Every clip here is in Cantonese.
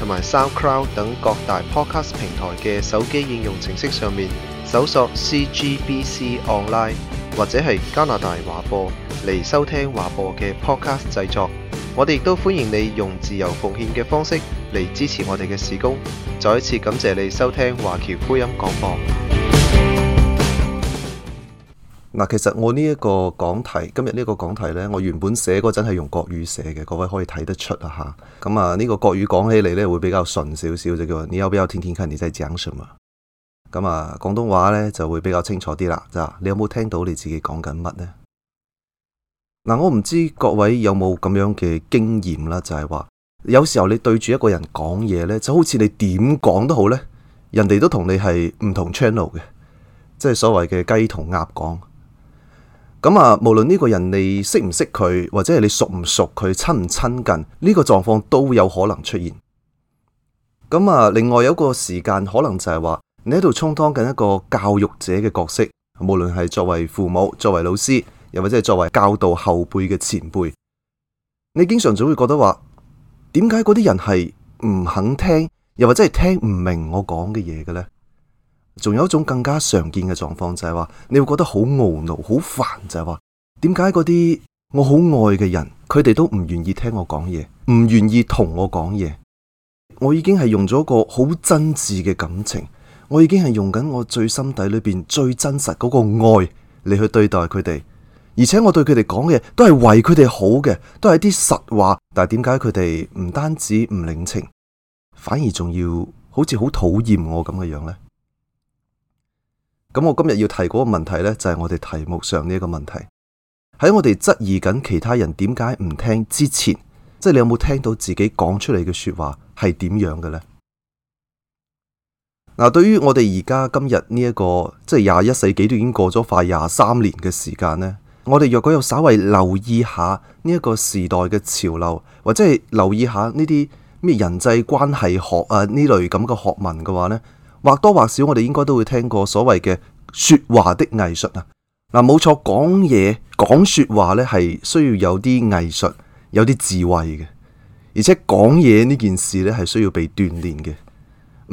同埋 SoundCloud 等各大 Podcast 平台嘅手機應用程式上面搜索 CGBC Online 或者係加拿大華播嚟，收聽華播嘅 Podcast 製作。我哋亦都歡迎你用自由奉獻嘅方式嚟支持我哋嘅事工。再一次感謝你收聽華僑福音廣播。嗱，其實我呢一個講題，今日呢個講題呢，我原本寫嗰陣係用國語寫嘅，各位可以睇得出啊吓。咁、嗯、啊，呢、這個國語講起嚟呢，會比較順少少，就叫你要不要聽聽看自己在講甚麼啊？咁、嗯、啊，廣東話呢，就會比較清楚啲啦。嗱、就是，你有冇聽到你自己講緊乜呢？嗱、嗯，我唔知各位有冇咁樣嘅經驗啦，就係、是、話有時候你對住一個人講嘢呢，就好似你點講都好呢，人哋都你同你係唔同 channel 嘅，即係所謂嘅雞同鴨講。咁啊，無論呢個人你識唔識佢，或者係你熟唔熟佢、親唔親近，呢個狀況都有可能出現。咁啊，另外有一個時間可能就係話，你喺度充當緊一個教育者嘅角色，無論係作為父母、作為老師，又或者係作為教導後輩嘅前輩，你經常總會覺得話，點解嗰啲人係唔肯聽，又或者係聽唔明我講嘅嘢嘅咧？仲有一種更加常見嘅狀況就係話，你會覺得好懊惱、好煩，就係話點解嗰啲我好愛嘅人，佢哋都唔願意聽我講嘢，唔願意同我講嘢。我已經係用咗個好真摯嘅感情，我已經係用緊我最心底裏邊最真實嗰個愛嚟去對待佢哋，而且我對佢哋講嘅都係為佢哋好嘅，都係啲實話。但係點解佢哋唔單止唔領情，反而仲要好似好討厭我咁嘅樣咧？咁我今日要提嗰個問題呢，就係我哋題目上呢一個問題。喺我哋質疑緊其他人點解唔聽之前，即係你有冇聽到自己講出嚟嘅説話係點樣嘅呢？嗱，對於我哋而家今日呢一個即係廿一世紀都已經過咗快廿三年嘅時間呢，我哋若果有稍為留意下呢一個時代嘅潮流，或者係留意下呢啲咩人際關係學啊呢類咁嘅學問嘅話呢。或多或少，我哋應該都會聽過所謂嘅説話的藝術啊！嗱，冇錯，講嘢講説話呢係需要有啲藝術，有啲智慧嘅，而且講嘢呢件事呢係需要被鍛鍊嘅。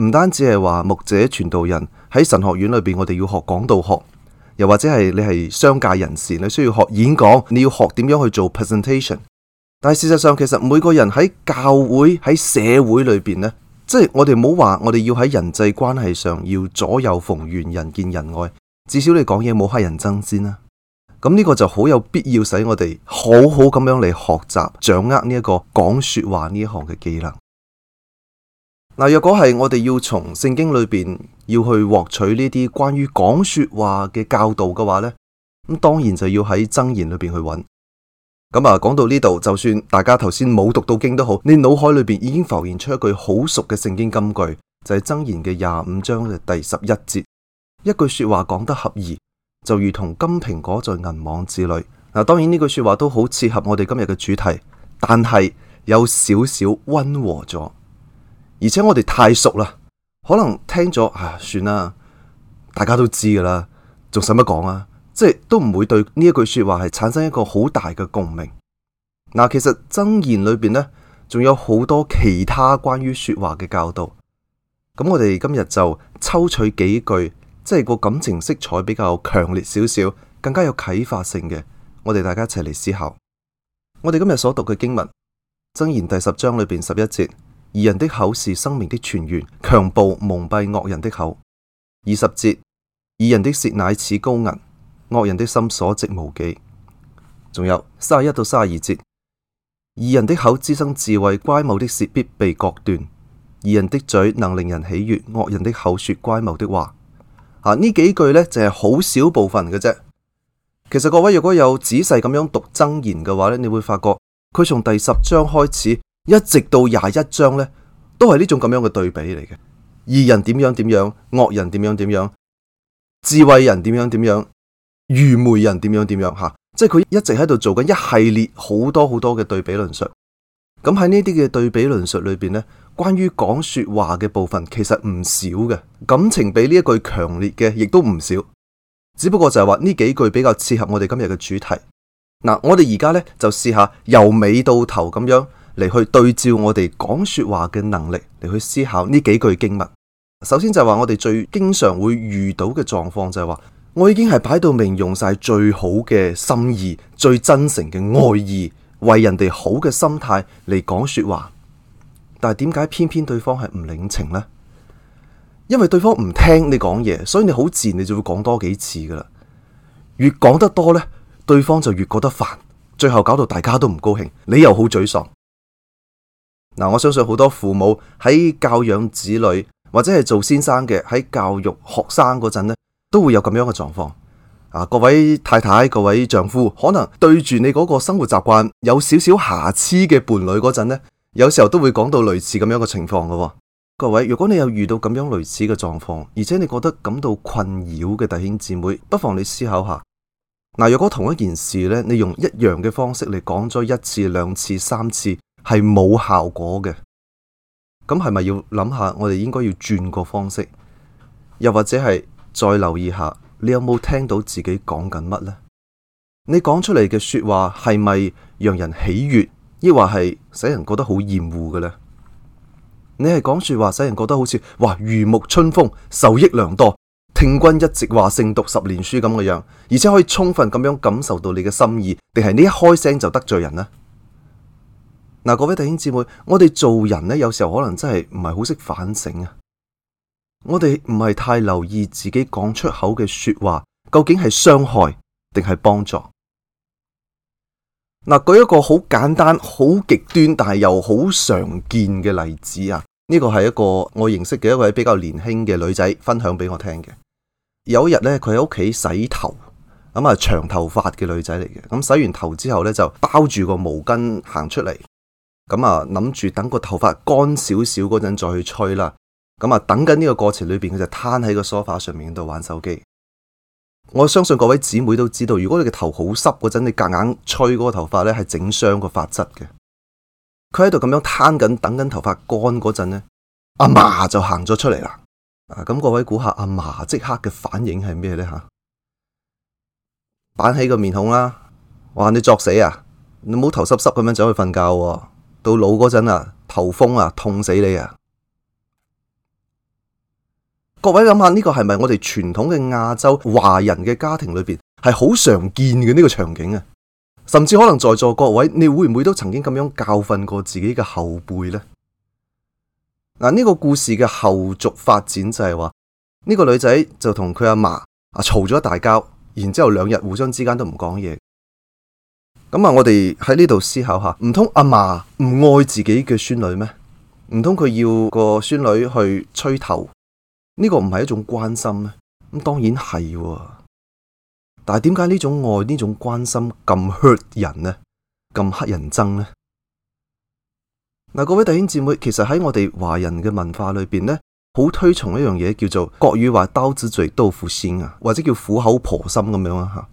唔單止係話牧者傳道人喺神學院裏邊，我哋要學講道學，又或者係你係商界人士，你需要學演講，你要學點樣去做 presentation。但事實上，其實每個人喺教會喺社會裏邊呢。即係我哋唔好話，我哋要喺人際關係上要左右逢源，人見人愛，至少你講嘢冇黑人憎先啦，啊。咁呢個就好有必要，使我哋好好咁樣嚟學習掌握呢一個講説話呢一行嘅技能。嗱，若果係我哋要從聖經裏邊要去獲取呢啲關於講説話嘅教導嘅話咧，咁當然就要喺箴言裏邊去揾。咁啊，講到呢度，就算大家頭先冇讀到經都好，你腦海裏邊已經浮現出一句好熟嘅聖經金句，就係箴言嘅廿五章嘅第十一節，一句話說話講得合宜，就如同金蘋果在銀網之裏。嗱，當然呢句說話都好切合我哋今日嘅主題，但係有少少溫和咗，而且我哋太熟啦，可能聽咗啊，算啦，大家都知噶啦，仲使乜講啊？即係都唔會對呢一句說話係產生一個好大嘅共鳴。嗱，其實箴言裏邊呢，仲有好多其他關於說話嘅教導。咁我哋今日就抽取幾句，即係個感情色彩比較強烈少少，更加有啓發性嘅，我哋大家一齊嚟思考。我哋今日所讀嘅經文，箴言第十章裏邊十一節：義人的口是生命的泉源，強暴蒙蔽惡人的口。二十節：義人的舌乃似高銀。惡人的心所值無幾，仲有三十一到三十二節，義人的口滋生智慧，乖謬的舌必被割斷；義人的嘴能令人喜悅，惡人的口說乖謬的話。啊，呢幾句呢，就係好少部分嘅啫。其實各位，如果有仔細咁樣讀箴言嘅話呢，你會發覺佢從第十章開始一直到廿一章呢，都係呢種咁樣嘅對比嚟嘅。義人點樣點樣，惡人點樣點樣，智慧人點樣點樣。愚昧人點樣點樣吓，即係佢一直喺度做緊一系列好多好多嘅對比論述。咁喺呢啲嘅對比論述裏邊呢，關於講說話嘅部分其實唔少嘅，感情比呢一句強烈嘅亦都唔少。只不過就係話呢幾句比較切合我哋今日嘅主題。嗱，我哋而家呢，就試下由尾到頭咁樣嚟，去對照我哋講說話嘅能力嚟去思考呢幾句經文。首先就係話我哋最經常會遇到嘅狀況就係話。我已經係擺到明，用晒最好嘅心意、最真誠嘅愛意，嗯、為人哋好嘅心態嚟講說話。但係點解偏偏對方係唔領情呢？因為對方唔聽你講嘢，所以你好自然，你就會講多幾次噶啦。越講得多呢，對方就越覺得煩，最後搞到大家都唔高興，你又好沮喪。嗱、嗯，我相信好多父母喺教養子女，或者係做先生嘅喺教育學生嗰陣呢。都會有咁樣嘅狀況啊！各位太太，各位丈夫，可能對住你嗰個生活習慣有少少瑕疵嘅伴侶嗰陣呢，有時候都會講到類似咁樣嘅情況㗎喎。各位，如果你有遇到咁樣類似嘅狀況，而且你覺得感到困擾嘅弟兄姊妹，不妨你思考下。嗱，若果同一件事呢，你用一樣嘅方式嚟講咗一次、兩次、三次係冇效果嘅，咁係咪要諗下？我哋應該要轉個方式，又或者係？再留意下，你有冇聽到自己講緊乜呢？你講出嚟嘅說話係咪讓人喜悅，抑或係使人覺得好厭惡嘅呢？你係講說，說話使人覺得好似哇如沐春風，受益良多，聽君一席話勝讀十年書咁嘅樣，而且可以充分咁樣感受到你嘅心意，定係你一開聲就得罪人呢？嗱，各位弟兄姊妹，我哋做人呢，有時候可能真係唔係好識反省啊。我哋唔係太留意自己講出口嘅說話究竟係傷害定係幫助。嗱，舉一個好簡單、好極端但係又好常見嘅例子啊！呢個係一個我認識嘅一位比較年輕嘅女仔分享俾我聽嘅。有一日咧，佢喺屋企洗頭，咁啊長頭髮嘅女仔嚟嘅。咁洗完頭之後咧，就包住個毛巾行出嚟，咁啊諗住等個頭髮乾少少嗰陣再去吹啦。咁啊，等緊呢個過程裏邊，佢就攤喺個梳化上面度玩手機。我相信各位姊妹都知道，如果你嘅頭好濕嗰陣，你夾硬吹嗰個頭髮咧，係整傷個髮質嘅。佢喺度咁樣攤緊等緊頭髮乾嗰陣咧，阿嫲就行咗出嚟啦。啊，咁各位估下，阿嫲即刻嘅反應係咩咧？吓，板起個面孔啦，話，你作死啊！你冇頭濕濕咁樣走去瞓覺，啊，到老嗰陣啊，頭風啊，痛死你啊！各位諗下，呢個係咪我哋傳統嘅亞洲華人嘅家庭裏邊係好常見嘅呢個場景啊？甚至可能在座各位你會唔會都曾經咁樣教訓過自己嘅後輩呢？嗱，呢個故事嘅後續發展就係話，呢個女仔就同佢阿嫲啊嘈咗一大交，然之後兩日互相之間都唔講嘢。咁啊，我哋喺呢度思考下，唔通阿嫲唔愛自己嘅孫女咩？唔通佢要個孫女去吹頭？呢個唔係一種關心咩？咁當然係，啊，但係點解呢種愛，呢種關心咁 hurt 人呢？咁乞人憎呢？嗱、啊，各位弟兄姊妹，其實喺我哋華人嘅文化裏邊咧，好推崇一樣嘢，叫做國語話刀子嘴豆腐心啊，或者叫苦口婆心咁樣啊吓。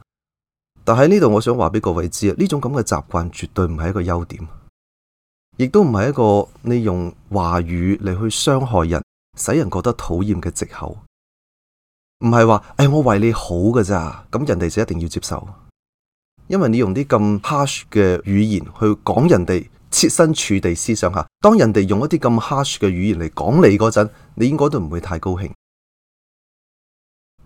但喺呢度，我想話俾各位知啊，呢種咁嘅習慣絕對唔係一個優點，亦都唔係一個你用華語嚟去傷害人，使人覺得討厭嘅藉口，唔係話誒我為你好嘅咋，咁人哋就一定要接受。因為你用啲咁 harsh 嘅語言去講人哋，設身處地思想下，當人哋用一啲咁 harsh 嘅語言嚟講你嗰陣，你應該都唔會太高興。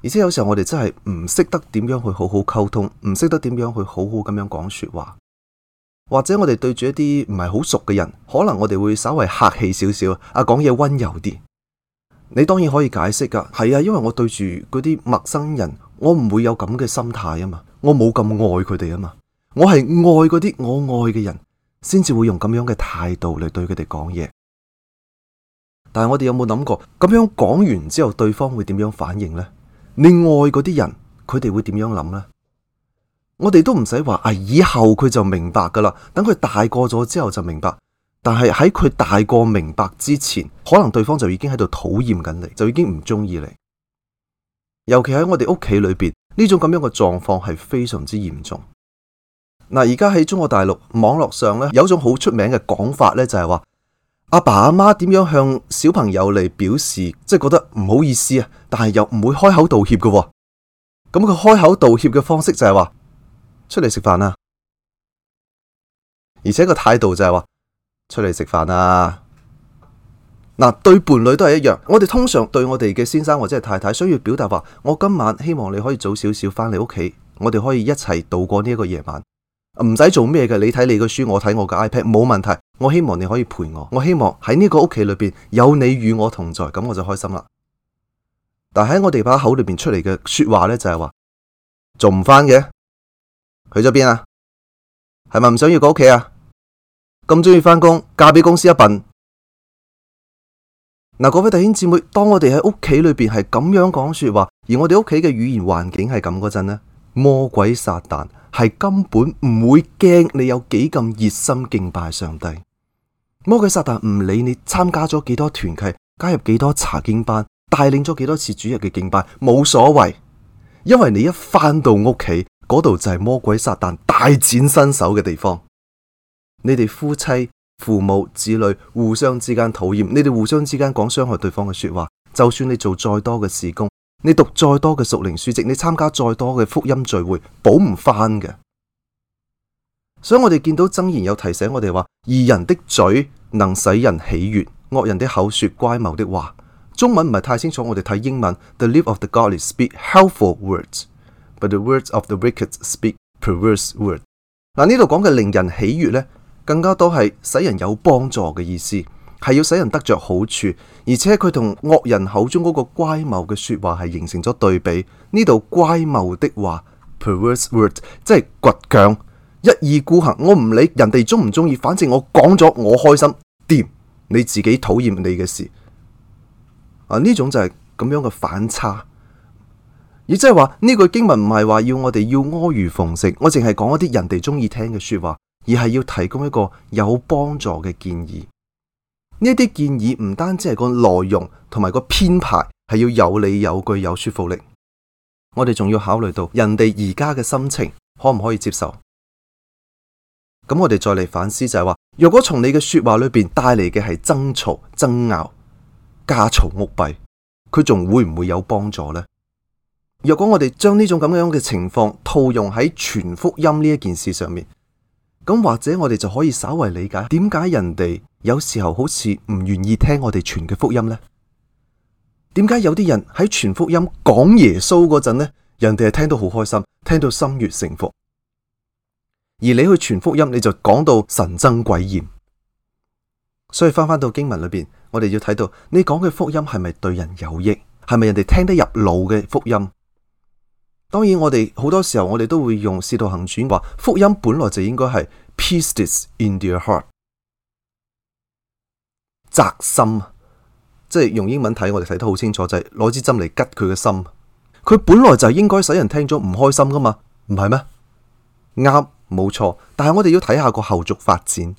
而且有時候我哋真係唔識得點樣去好好溝通，唔識得點樣去好好咁樣講說話，或者我哋對住一啲唔係好熟嘅人，可能我哋會稍微客氣少少，啊講嘢溫柔啲。你當然可以解釋㗎，係啊，因為我對住嗰啲陌生人，我唔會有咁嘅心態啊嘛，我冇咁愛佢哋啊嘛，我係愛嗰啲我愛嘅人，先至會用咁樣嘅態度嚟對佢哋講嘢。但係我哋有冇諗過咁樣講完之後，對方會點樣反應呢？你愛嗰啲人，佢哋會點樣諗呢？我哋都唔使話啊，以後佢就明白㗎喇，等佢大個咗之後就明白。但係喺佢大個明白之前，可能對方就已經喺度討厭緊你，就已經唔中意你。尤其喺我哋屋企裏邊，呢種咁樣嘅狀況係非常之嚴重。嗱，而家喺中國大陸網絡上咧，有種好出名嘅講法咧，就係話阿爸阿媽點樣向小朋友嚟，表示，即係覺得唔好意思啊，但係又唔會開口道歉嘅。咁佢開口道歉嘅方式就係話出嚟食飯啊，而且個態度就係話。出嚟食飯啊！嗱，對伴侶都係一樣。我哋通常對我哋嘅先生或者係太太，需要表達話：我今晚希望你可以早少少返嚟屋企，我哋可以一齊度過呢一個夜晚，唔、啊、使做咩嘅。你睇你嘅書，我睇我嘅 iPad，冇問題。我希望你可以陪我，我希望喺呢個屋企裏邊有你與我同在，咁我就開心啦。但係喺我哋把口裏邊出嚟嘅說話咧，就係、是、話做唔返嘅，去咗邊啊？係咪唔想要個屋企啊？咁鍾意返工，嫁畀公司一份。嗱，各位弟兄姊妹，當我哋喺屋企裏邊係咁樣講說話，而我哋屋企嘅語言環境係咁嗰陣呢，魔鬼撒旦係根本唔會驚你有幾咁熱心敬拜上帝。魔鬼撒旦唔理你參加咗幾多團契，加入幾多查經班，帶領咗幾多次主日嘅敬拜，冇所謂，因為你一返到屋企嗰度就係魔鬼撒旦大展身手嘅地方。你哋夫妻、父母、子女互相之間討厭，你哋互相之間講傷害對方嘅說話。就算你做再多嘅事工，你讀再多嘅屬靈書籍，你參加再多嘅福音聚會，補唔翻嘅。所以我哋見到箴言有提醒我哋話：義人的嘴能使人喜悅，惡人的口說乖謬的話。中文唔係太清楚，我哋睇英文。The lips of the godly speak helpful words，but the words of the wicked speak perverse words。嗱，呢度講嘅令人喜悅咧。更加多係使人有幫助嘅意思，係要使人得着好處，而且佢同惡人口中嗰個乖謬嘅說話係形成咗對比。呢度乖謬的話，perverse word，即係倔強、一意孤行，我唔理人哋中唔中意，反正我講咗我開心掂，你自己討厭你嘅事啊，呢種就係咁樣嘅反差。亦即係話呢句經文唔係話要我哋要阿諛奉承，我淨係講一啲人哋中意聽嘅說話。而係要提供一個有幫助嘅建議，呢啲建議唔單止係個內容同埋個編排，係要有理有據有說服力。我哋仲要考慮到人哋而家嘅心情可唔可以接受？咁我哋再嚟反思就係話，如果從你嘅說話裏邊帶嚟嘅係爭吵、爭拗、家嘈屋閉，佢仲會唔會有幫助呢？如果我哋將呢種咁樣嘅情況套用喺傳福音呢一件事上面。咁或者我哋就可以稍微理解點解人哋有時候好似唔願意聽我哋傳嘅福音呢？點解有啲人喺傳福音講耶穌嗰陣呢，人哋係聽到好開心，聽到心悅誠服；而你去傳福音，你就講到神憎鬼厭。所以翻返到經文裏邊，我哋要睇到你講嘅福音係咪對人有益，係咪人哋聽得入腦嘅福音？當然，我哋好多時候，我哋都會用《使徒行傳》話福音本來就應該係 peace this in your heart，扎心，即係用英文睇，我哋睇得好清楚，就係、是、攞支針嚟吉佢嘅心。佢本來就應該使人聽咗唔開心噶嘛，唔係咩？啱，冇錯。但係我哋要睇下個後續發展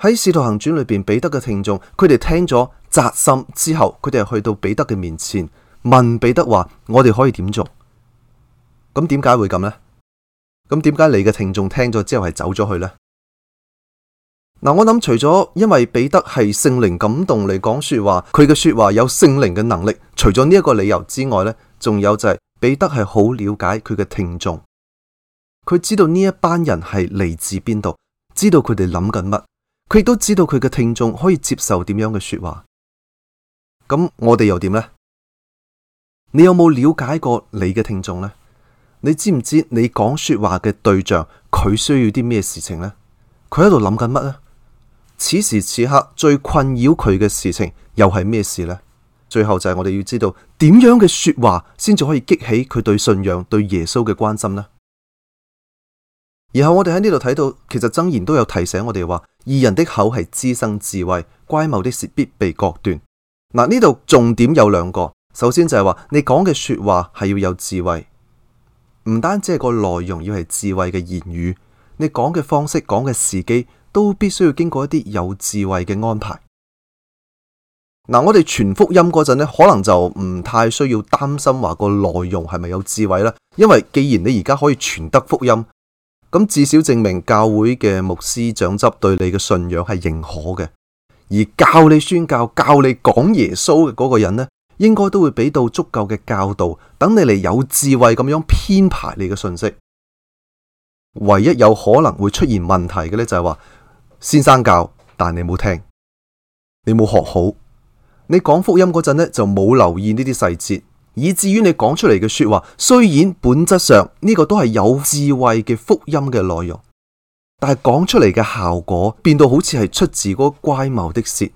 喺《使徒行傳》裏邊，彼得嘅聽眾，佢哋聽咗扎心之後，佢哋去到彼得嘅面前問彼得話：我哋可以點做？咁點解會咁呢？咁點解你嘅聽眾聽咗之後係走咗去呢？嗱，我諗除咗因為彼得係聖靈感動嚟講說話，佢嘅說話有聖靈嘅能力，除咗呢一個理由之外咧，仲有就係彼得係好了解佢嘅聽眾，佢知道呢一班人係嚟自邊度，知道佢哋諗緊乜，佢亦都知道佢嘅聽眾可以接受點樣嘅說話。咁我哋又點咧？你有冇了解過你嘅聽眾咧？你知唔知？你講說話嘅對象，佢需要啲咩事情呢？佢喺度諗緊乜呢？此時此刻最困擾佢嘅事情又係咩事呢？最後就係我哋要知道點樣嘅說話先至可以激起佢對信仰、對耶穌嘅關心呢。然後我哋喺呢度睇到，其實箴言都有提醒我哋話：「義人的口係滋生智慧，乖謬的事必被割斷。」嗱、呃，呢度重點有兩個，首先就係話你講嘅說話係要有智慧。唔單止係個內容，要係智慧嘅言語，你講嘅方式、講嘅時機，都必須要經過一啲有智慧嘅安排。嗱、嗯，我哋傳福音嗰陣咧，可能就唔太需要擔心話個內容係咪有智慧啦，因為既然你而家可以傳得福音，咁至少證明教會嘅牧師長執對你嘅信仰係認可嘅，而教你宣教、教你講耶穌嘅嗰個人咧，應該都會俾到足夠嘅教導，等你嚟有智慧咁樣編排你嘅信息。唯一有可能會出現問題嘅呢、就是，就係話先生教，但你冇聽，你冇學好，你講福音嗰陣呢，就冇留意呢啲細節，以至於你講出嚟嘅說話，雖然本質上呢、呢個都係有智慧嘅福音嘅內容，但係講出嚟嘅效果變到好似係出自嗰個乖謬的舌。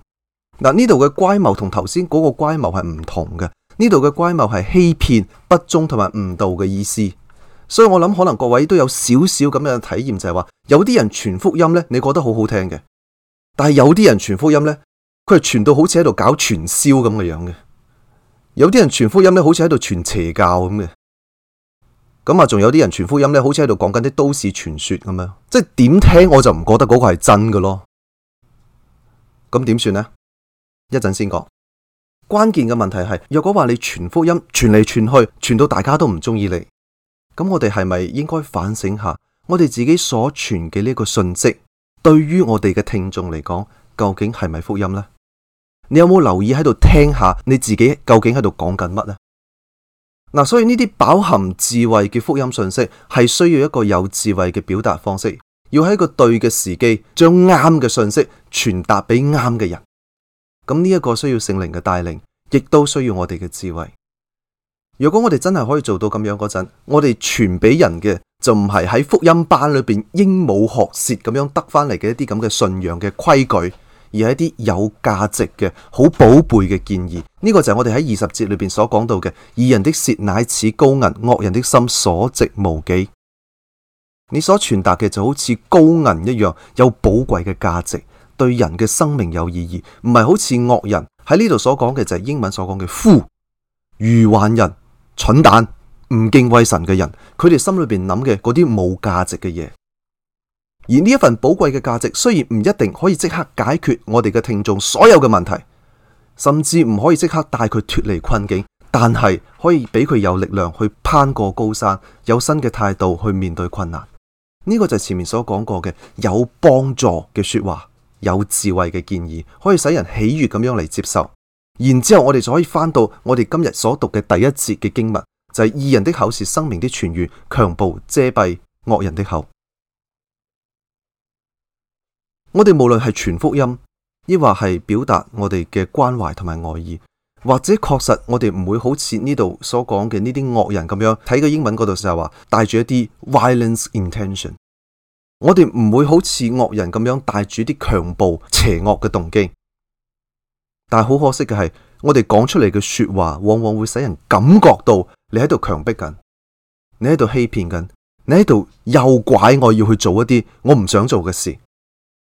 嗱，呢度嘅乖謀同頭先嗰個乖謀係唔同嘅，呢度嘅乖謀係欺騙、不忠同埋誤導嘅意思。所以我諗可能各位都有少少咁樣嘅體驗，就係話有啲人傳福音咧，你覺得好好聽嘅，但係有啲人傳福音咧，佢係傳到好似喺度搞傳銷咁嘅樣嘅，有啲人傳福音咧，好似喺度傳邪教咁嘅，咁啊，仲有啲人傳福音咧，好似喺度講緊啲都市傳說咁樣，即係點聽我就唔覺得嗰個係真嘅咯。咁點算咧？一陣先講關鍵嘅問題係，若果話你傳福音傳嚟傳去，傳到大家都唔中意你，咁我哋係咪應該反省下我哋自己所傳嘅呢個訊息，對於我哋嘅聽眾嚟講，究竟係咪福音呢？你有冇留意喺度聽下你自己究竟喺度講緊乜呢？嗱、啊，所以呢啲飽含智慧嘅福音訊息，係需要一個有智慧嘅表達方式，要喺個對嘅時機，將啱嘅訊息傳達俾啱嘅人。咁呢一個需要聖靈嘅帶領，亦都需要我哋嘅智慧。如果我哋真係可以做到咁樣嗰陣，我哋傳俾人嘅就唔係喺福音班裏邊鸚鵡學舌咁樣得返嚟嘅一啲咁嘅信仰嘅規矩，而係一啲有價值嘅、好寶貝嘅建議。呢、這個就係我哋喺二十節裏面所講到嘅：義人的舌乃似高銀，惡人的心所值無幾。你所傳達嘅就好似高銀一樣，有寶貴嘅價值。對人嘅生命有意義，唔係好似惡人喺呢度所講嘅，就係英文所講嘅呼，愚頑人、蠢蛋、唔敬畏神嘅人，佢哋心裏邊諗嘅嗰啲冇價值嘅嘢。而呢一份寶貴嘅價值，雖然唔一定可以即刻解決我哋嘅聽眾所有嘅問題，甚至唔可以即刻帶佢脫離困境，但係可以俾佢有力量去攀過高山，有新嘅態度去面對困難。呢個就係前面所講過嘅有幫助嘅說話。有智慧嘅建議，可以使人喜悅咁樣嚟接受。然之後，我哋就可以返到我哋今日所讀嘅第一節嘅經文，就係、是、義人的口是生命的泉源，強暴遮蔽惡人的口。我哋無論係傳福音，亦或係表達我哋嘅關懷同埋愛意，或者確實我哋唔會好似呢度所講嘅呢啲惡人咁樣，睇個英文嗰度就係話帶住一啲 violence intention。我哋唔會好似惡人咁樣帶住啲強暴、邪惡嘅動機，但係好可惜嘅係，我哋講出嚟嘅說話，往往會使人感覺到你喺度強迫緊，你喺度欺騙緊，你喺度誘拐我要去做一啲我唔想做嘅事，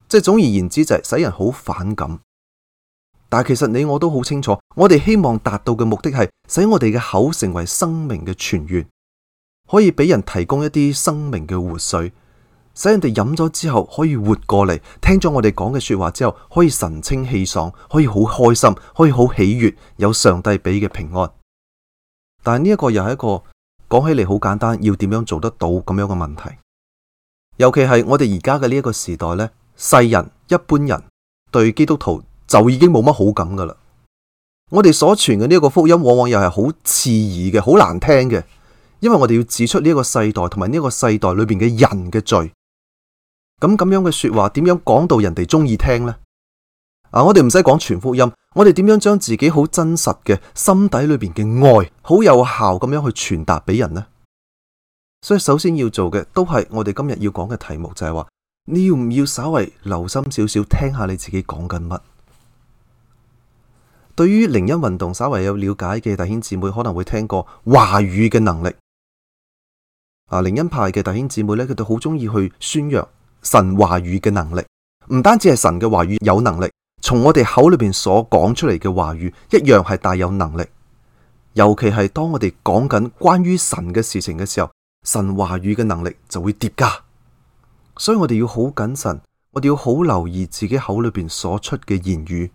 即係總而言之就係使人好反感。但係其實你我都好清楚，我哋希望達到嘅目的係，使我哋嘅口成為生命嘅泉源，可以畀人提供一啲生命嘅活水。使人哋飲咗之後可以活過嚟，聽咗我哋講嘅說話之後可以神清氣爽，可以好開心，可以好喜悅，有上帝畀嘅平安。但係呢一個又係一個講起嚟好簡單，要點樣做得到咁樣嘅問題？尤其係我哋而家嘅呢一個時代呢，世人一般人對基督徒就已經冇乜好感噶啦。我哋所傳嘅呢一個福音，往往又係好刺耳嘅，好難聽嘅，因為我哋要指出呢一個世代同埋呢一個世代裏邊嘅人嘅罪。咁咁樣嘅說話點樣講到人哋鍾意聽呢？啊，我哋唔使講全福音，我哋點樣將自己好真實嘅心底裏邊嘅愛，好有效咁樣去傳達俾人呢？所以首先要做嘅都係我哋今日要講嘅題目，就係話你要唔要稍微留心少少，聽下你自己講緊乜？對於靈恩運動稍為有了解嘅弟兄姊妹，可能會聽過話語嘅能力。啊，靈恩派嘅弟兄姊妹呢，佢哋好鍾意去宣揚。神話語嘅能力，唔單止係神嘅話語有能力，從我哋口裏邊所講出嚟嘅話語，一樣係大有能力。尤其係當我哋講緊關於神嘅事情嘅時候，神話語嘅能力就會疊加。所以我哋要好謹慎，我哋要好留意自己口裏邊所出嘅言語。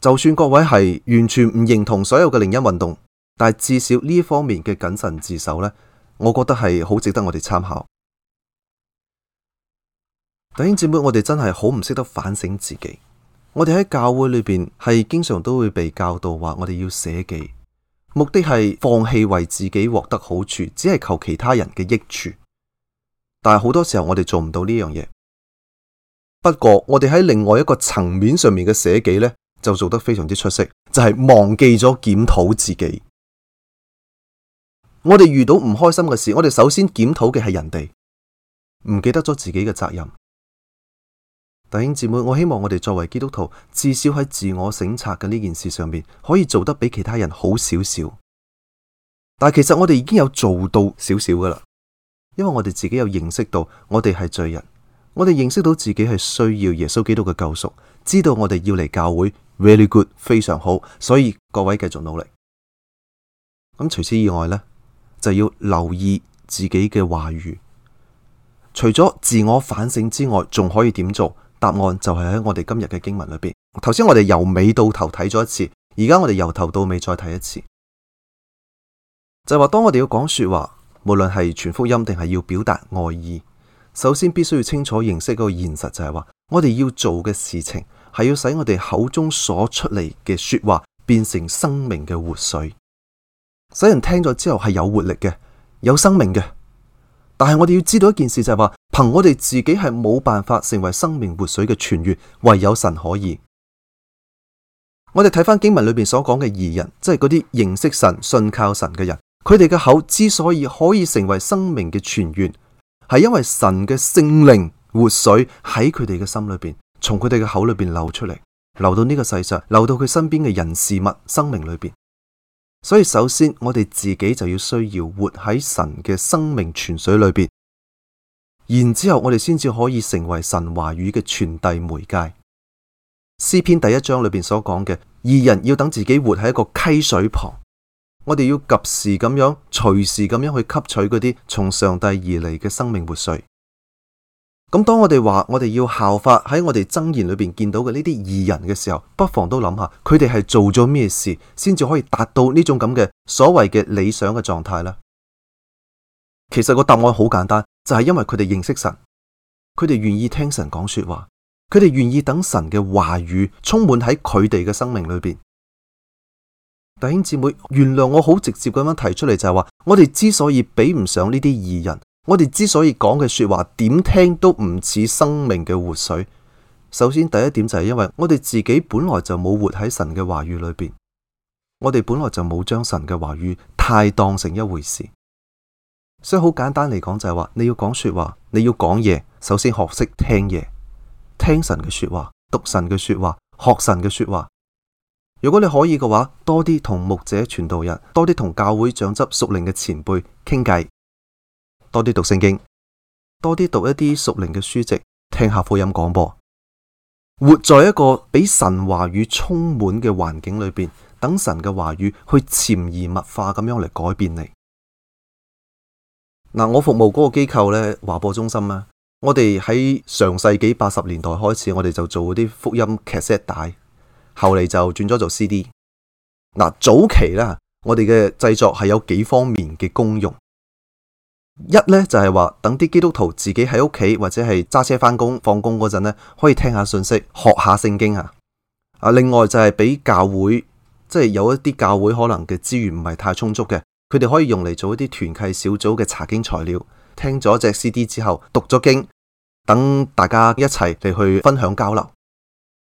就算各位係完全唔認同所有嘅靈恩運動，但係至少呢方面嘅謹慎自守呢，我覺得係好值得我哋參考。弟兄姊妹，我哋真係好唔識得反省自己。我哋喺教會裏邊係經常都會被教導話我哋要捨己，目的係放棄為自己獲得好處，只係求其他人嘅益處。但係好多時候我哋做唔到呢樣嘢。不過我哋喺另外一個層面上面嘅捨己呢，就做得非常之出色，就係忘記咗檢討自己。我哋遇到唔開心嘅事，我哋首先檢討嘅係人哋，唔記得咗自己嘅責任。弟兄姊妹，我希望我哋作為基督徒，至少喺自我省察嘅呢件事上面，可以做得比其他人好少少。但其實我哋已經有做到少少㗎喇，因為我哋自己有認識到我哋係罪人，我哋認識到自己係需要耶穌基督嘅救贖，知道我哋要嚟教會，very good 非常好。所以各位繼續努力。咁除此以外呢，就要留意自己嘅話語。除咗自我反省之外，仲可以點做？答案就係喺我哋今日嘅經文裏邊。頭先我哋由尾到頭睇咗一次，而家我哋由頭到尾再睇一次，就係話當我哋要講說話，無論係傳福音定係要表達愛意，首先必須要清楚認識嗰個現實就，就係話我哋要做嘅事情係要使我哋口中所出嚟嘅說話變成生命嘅活水，使人聽咗之後係有活力嘅、有生命嘅。但係我哋要知道一件事就係話。憑我哋自己係冇辦法成為生命活水嘅泉源，唯有神可以。我哋睇翻經文裏邊所講嘅義人，即係嗰啲認識神、信靠神嘅人，佢哋嘅口之所以可以成為生命嘅泉源，係因為神嘅聖靈活水喺佢哋嘅心裏邊，從佢哋嘅口裏邊流出嚟，流到呢個世上，流到佢身邊嘅人事物生命裏邊。所以首先我哋自己就要需要活喺神嘅生命泉水裏邊。然之後，我哋先至可以成為神話語嘅傳遞媒介。詩篇第一章裏邊所講嘅義人，要等自己活喺一個溪水旁，我哋要及時咁樣、隨時咁樣去吸取嗰啲從上帝而嚟嘅生命活水。咁、嗯、當我哋話我哋要效法喺我哋箴言裏邊見到嘅呢啲義人嘅時候，不妨都諗下佢哋係做咗咩事，先至可以達到呢種咁嘅所謂嘅理想嘅狀態呢？其實個答案好簡單。就係因為佢哋認識神，佢哋願意聽神講說話，佢哋願意等神嘅話語充滿喺佢哋嘅生命裏邊。弟兄姊妹，原諒我好直接咁樣提出嚟，就係話我哋之所以比唔上呢啲異人，我哋之所以講嘅說話點聽都唔似生命嘅活水。首先第一點就係因為我哋自己本來就冇活喺神嘅話語裏邊，我哋本來就冇將神嘅話語太當成一回事。所以好簡單嚟講就係話，你要講說話，你要講嘢，首先學識聽嘢，聽神嘅說話，讀神嘅說話，學神嘅說話。如果你可以嘅話，多啲同牧者、傳道人，多啲同教會長執、屬靈嘅前輩傾偈，多啲讀聖經，多啲讀一啲屬靈嘅書籍，聽下福音廣播，活在一個比神話語充滿嘅環境裏邊，等神嘅話語去潛移默化咁樣嚟改變你。嗱，我服務嗰個機構呢，華播中心啊，我哋喺上世紀八十年代開始，我哋就做啲福音劇 set 帶，後嚟就轉咗做 CD。嗱、啊，早期啦，我哋嘅製作係有幾方面嘅功用，一咧就係、是、話等啲基督徒自己喺屋企或者係揸車翻工、放工嗰陣呢，可以聽下信息、學下聖經啊。啊，另外就係俾教會，即、就、係、是、有一啲教會可能嘅資源唔係太充足嘅。佢哋可以用嚟做一啲團契小組嘅查經材料，聽咗隻 C D 之後讀咗經，等大家一齊嚟去分享交流。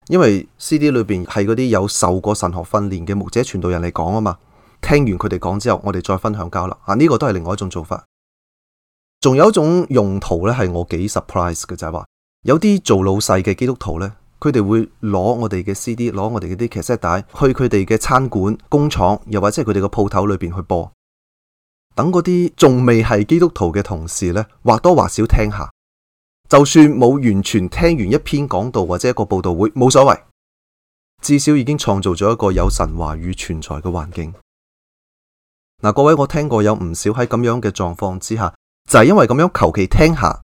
因為 C D 裏邊係嗰啲有受過神學訓練嘅牧者傳道人嚟講啊嘛，聽完佢哋講之後，我哋再分享交流啊。呢個都係另外一種做法。仲有一種用途呢，係我幾 surprise 嘅，就係話有啲做老細嘅基督徒呢，佢哋會攞我哋嘅 C D，攞我哋嗰啲 cassette 帶去佢哋嘅餐館、工廠，又或者係佢哋個鋪頭裏邊去播。等嗰啲仲未係基督徒嘅同事呢，或多或少聽下，就算冇完全聽完一篇講道或者一個佈道會，冇所謂，至少已經創造咗一個有神話語存在嘅環境。嗱、啊，各位，我聽過有唔少喺咁樣嘅狀況之下，就係、是、因為咁樣求其聽下，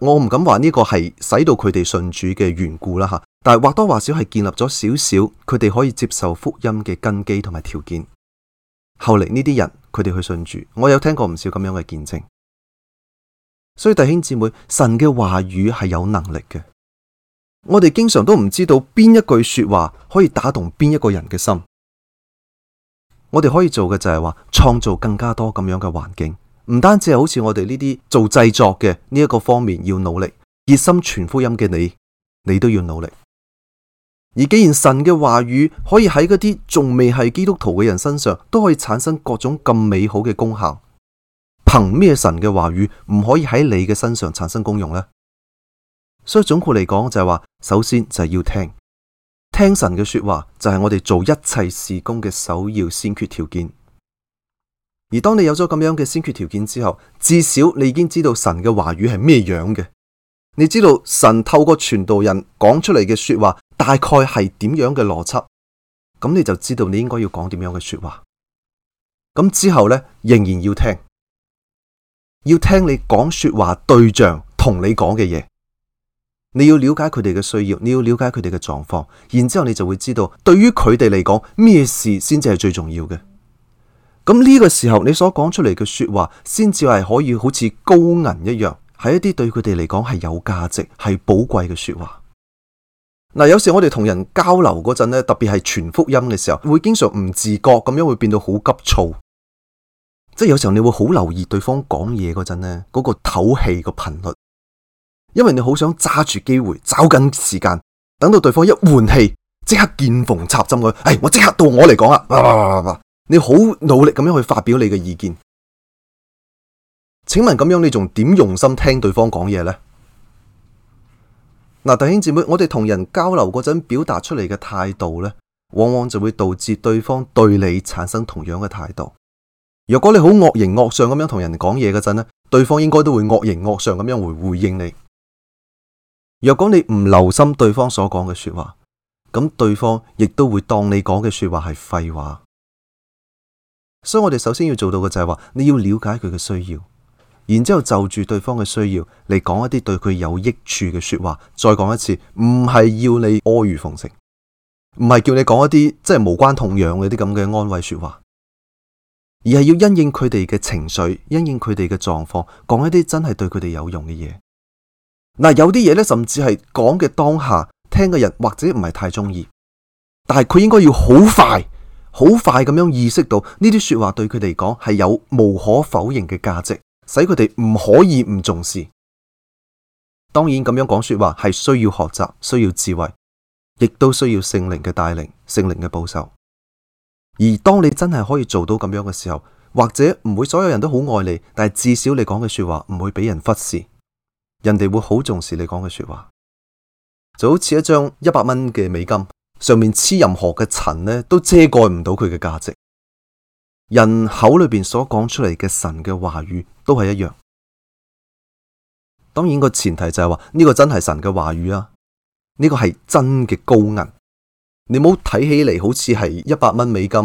我唔敢話呢個係使到佢哋信主嘅緣故啦吓，但係或多或少係建立咗少少佢哋可以接受福音嘅根基同埋條件。後嚟呢啲人。佢哋去信主，我有聽過唔少咁樣嘅見證，所以弟兄姊妹，神嘅話語係有能力嘅。我哋經常都唔知道邊一句說話可以打動邊一個人嘅心。我哋可以做嘅就係話創造更加多咁樣嘅環境，唔單止係好似我哋呢啲做製作嘅呢一個方面要努力，熱心傳福音嘅你，你都要努力。而既然神嘅話語可以喺嗰啲仲未係基督徒嘅人身上都可以產生各種咁美好嘅功效，憑咩神嘅話語唔可以喺你嘅身上產生功用呢？所以總括嚟講就係話，首先就係要聽，聽神嘅說話就係我哋做一切事工嘅首要先決條件。而當你有咗咁樣嘅先決條件之後，至少你已經知道神嘅話語係咩樣嘅，你知道神透過傳道人講出嚟嘅說話。大概係點樣嘅邏輯，咁你就知道你應該要講點樣嘅說話。咁之後呢，仍然要聽，要聽你講說話對象同你講嘅嘢。你要了解佢哋嘅需要，你要了解佢哋嘅狀況，然之後你就會知道，對於佢哋嚟講咩事先至係最重要嘅。咁呢個時候，你所講出嚟嘅說話，先至係可以好似高銀一樣，係一啲對佢哋嚟講係有價值、係寶貴嘅說話。嗱、啊，有時我哋同人交流嗰陣咧，特別係傳福音嘅時候，會經常唔自覺咁樣會變到好急躁，即係有時候你會好留意對方講嘢嗰陣咧，嗰、嗰個唞氣個頻率，因為你好想揸住機會，抓緊時間，等到對方一換氣，即刻見縫插針去，哎，我即刻到我嚟講喇，啊，啊，啊，你好努力咁樣去發表你嘅意見，請問咁樣你仲點用心聽對方講嘢咧？嗱，弟兄姊妹，我哋同人交流嗰陣表達出嚟嘅態度咧，往往就會導致對方對你產生同樣嘅態度。若果你好惡形惡相咁樣同人講嘢嗰陣咧，對方應該都會惡形惡相咁樣回回應你。若果你唔留心對方所講嘅說話，咁對方亦都會當你講嘅說話係廢話。所以我哋首先要做到嘅就係話，你要了解佢嘅需要。然之後就住對方嘅需要嚟講一啲對佢有益處嘅說話，再講一次，唔係要你阿諛奉承，唔係叫你講一啲即係無關痛癢嗰啲咁嘅安慰說話，而係要因應佢哋嘅情緒，因應佢哋嘅狀況，講一啲真係對佢哋有用嘅嘢。嗱，有啲嘢咧，甚至係講嘅當下聽嘅人或者唔係太中意，但係佢應該要好快好快咁樣意識到呢啲說話對佢嚟講係有無可否認嘅價值。使佢哋唔可以唔重視。當然咁樣講說話係需要學習，需要智慧，亦都需要聖靈嘅帶領、聖靈嘅保守。而當你真係可以做到咁樣嘅時候，或者唔會所有人都好愛你，但係至少你講嘅說話唔會俾人忽視，人哋會好重視你講嘅說話。就好似一張一百蚊嘅美金，上面黐任何嘅塵呢都遮蓋唔到佢嘅價值。人口裏面所講出嚟嘅神嘅話語。都係一樣，當然個前提就係話呢個真係神嘅話語啊，呢個係真嘅高銀。你冇睇起嚟好似係一百蚊美金，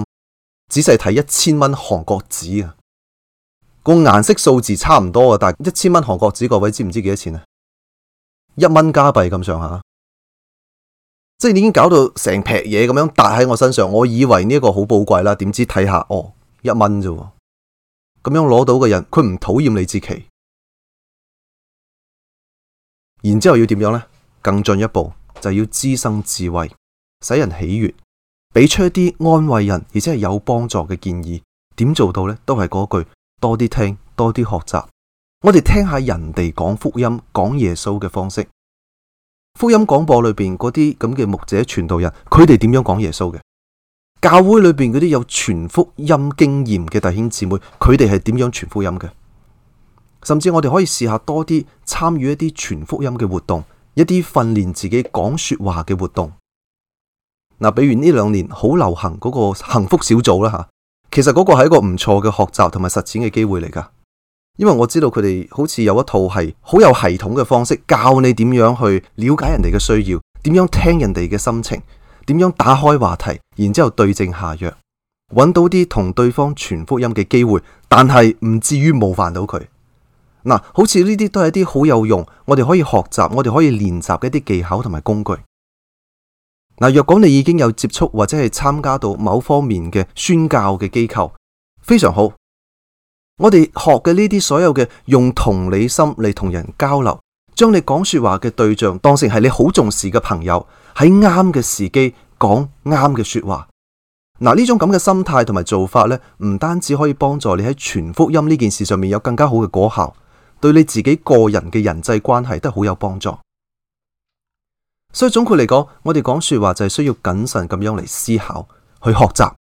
仔細睇一千蚊韓國紙啊，個顏色數字差唔多啊，但係一千蚊韓國紙各位知唔知幾多錢啊？一蚊加幣咁上下，即係你已經搞到成劈嘢咁樣搭喺我身上，我以為呢個好寶貴啦，點知睇下哦，一蚊啫。咁樣攞到嘅人，佢唔討厭你自己。然之後要點樣呢？更進一步就係要滋生智慧，使人喜悦，俾出一啲安慰人而且係有幫助嘅建議。點做到呢？都係嗰句：多啲聽，多啲學習。我哋聽下人哋講福音、講耶穌嘅方式。福音廣播裏邊嗰啲咁嘅牧者傳道人，佢哋點樣講耶穌嘅？教會裏邊嗰啲有傳福音經驗嘅弟兄姊妹，佢哋係點樣傳福音嘅？甚至我哋可以試下多啲參與一啲傳福音嘅活動，一啲訓練自己講說話嘅活動。嗱，比如呢兩年好流行嗰個幸福小組啦，吓，其實嗰個係一個唔錯嘅學習同埋實踐嘅機會嚟㗎。因為我知道佢哋好似有一套係好有系統嘅方式，教你點樣去了解人哋嘅需要，點樣聽人哋嘅心情。點樣打開話題，然之後對症下藥，揾到啲同對方傳福音嘅機會，但係唔至於冒犯到佢。嗱，好似呢啲都係一啲好有用，我哋可以學習，我哋可以練習嘅一啲技巧同埋工具。嗱，若果你已經有接觸或者係參加到某方面嘅宣教嘅機構，非常好。我哋學嘅呢啲所有嘅用同理心嚟同人交流，將你講說話嘅對象當成係你好重視嘅朋友。喺啱嘅時機講啱嘅說話，嗱，呢種咁嘅心態同埋做法咧，唔單止可以幫助你喺傳福音呢件事上面有更加好嘅果效，對你自己個人嘅人際關係都好有幫助。所以總括嚟講，我哋講說話就係需要謹慎咁樣嚟思考、去學習，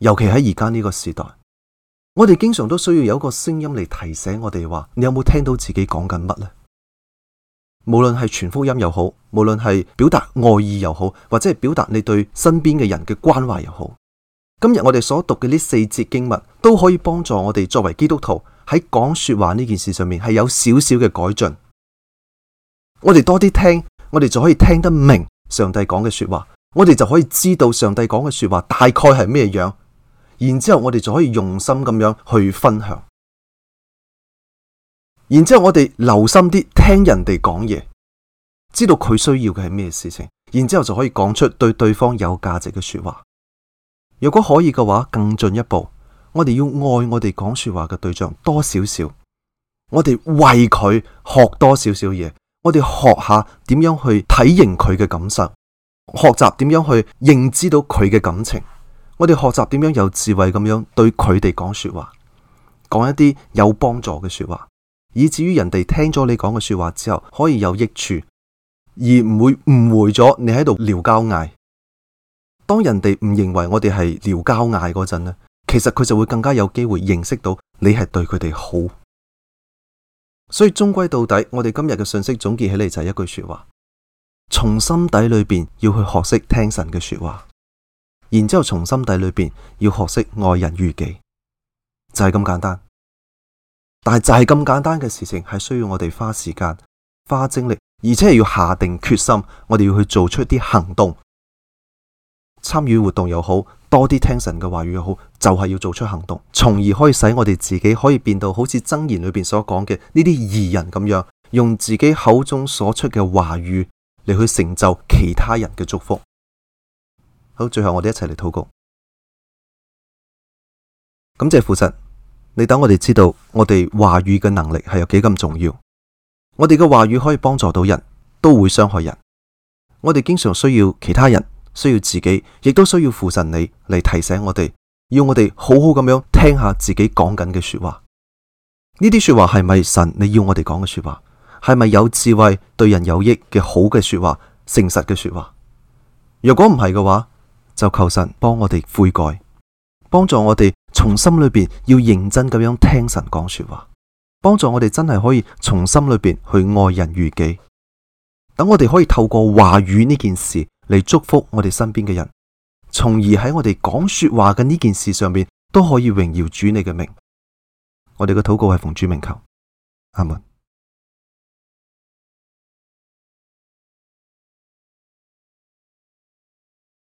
尤其喺而家呢個時代，我哋經常都需要有一個聲音嚟提醒我哋話：「你有冇聽到自己講緊乜呢？」無論係傳福音又好，無論係表達愛意又好，或者係表達你對身邊嘅人嘅關懷又好，今日我哋所讀嘅呢四節經文都可以幫助我哋作為基督徒喺講說話呢件事上面係有少少嘅改進。我哋多啲聽，我哋就可以聽得明上帝講嘅說話，我哋就可以知道上帝講嘅說話大概係咩樣，然之後我哋就可以用心咁樣去分享。然之後，我哋留心啲聽人哋講嘢，知道佢需要嘅係咩事情，然之後就可以講出對對方有價值嘅說話。如果可以嘅話，更進一步，我哋要愛我哋講說話嘅對象多少少，我哋為佢學多少少嘢，我哋學下點樣去體認佢嘅感受，學習點樣去認知到佢嘅感情，我哋學習點樣有智慧咁樣對佢哋講說話，講一啲有幫助嘅說話。以至於人哋聽咗你講嘅說話之後，可以有益處，而唔會誤會咗你喺度撩交嗌。當人哋唔認為我哋係撩交嗌嗰陣咧，其實佢就會更加有機會認識到你係對佢哋好。所以終歸到底，我哋今日嘅信息總結起嚟，就係一句說話：從心底裏邊要去學識聽神嘅說話，然之後從心底裏邊要學識愛人如己，就係咁簡單。但係就係咁簡單嘅事情，係需要我哋花時間、花精力，而且係要下定決心，我哋要去做出啲行動。參與活動又好，多啲聽神嘅話語又好，就係要做出行動，從而可以使我哋自己可以變到好似箴言裏邊所講嘅呢啲義人咁樣，用自己口中所出嘅話語嚟去成就其他人嘅祝福。好，最後我哋一齊嚟禱告，感謝父神。你等我哋知道，我哋話語嘅能力係有幾咁重要。我哋嘅話語可以幫助到人，都會傷害人。我哋經常需要其他人，需要自己，亦都需要父神你嚟提醒我哋，要我哋好好咁樣聽下自己講緊嘅說話。呢啲說話係咪神你要我哋講嘅說話？係咪有智慧對人有益嘅好嘅說話、誠實嘅說話？如果唔係嘅話，就求神幫我哋悔改，幫助我哋。從心裏邊要認真咁樣聽神講說話，幫助我哋真係可以從心裏邊去愛人如己，等我哋可以透過話語呢件事嚟祝福我哋身邊嘅人，從而喺我哋講說話嘅呢件事上面都可以榮耀主你嘅名。我哋嘅禱告係奉主名求，阿門。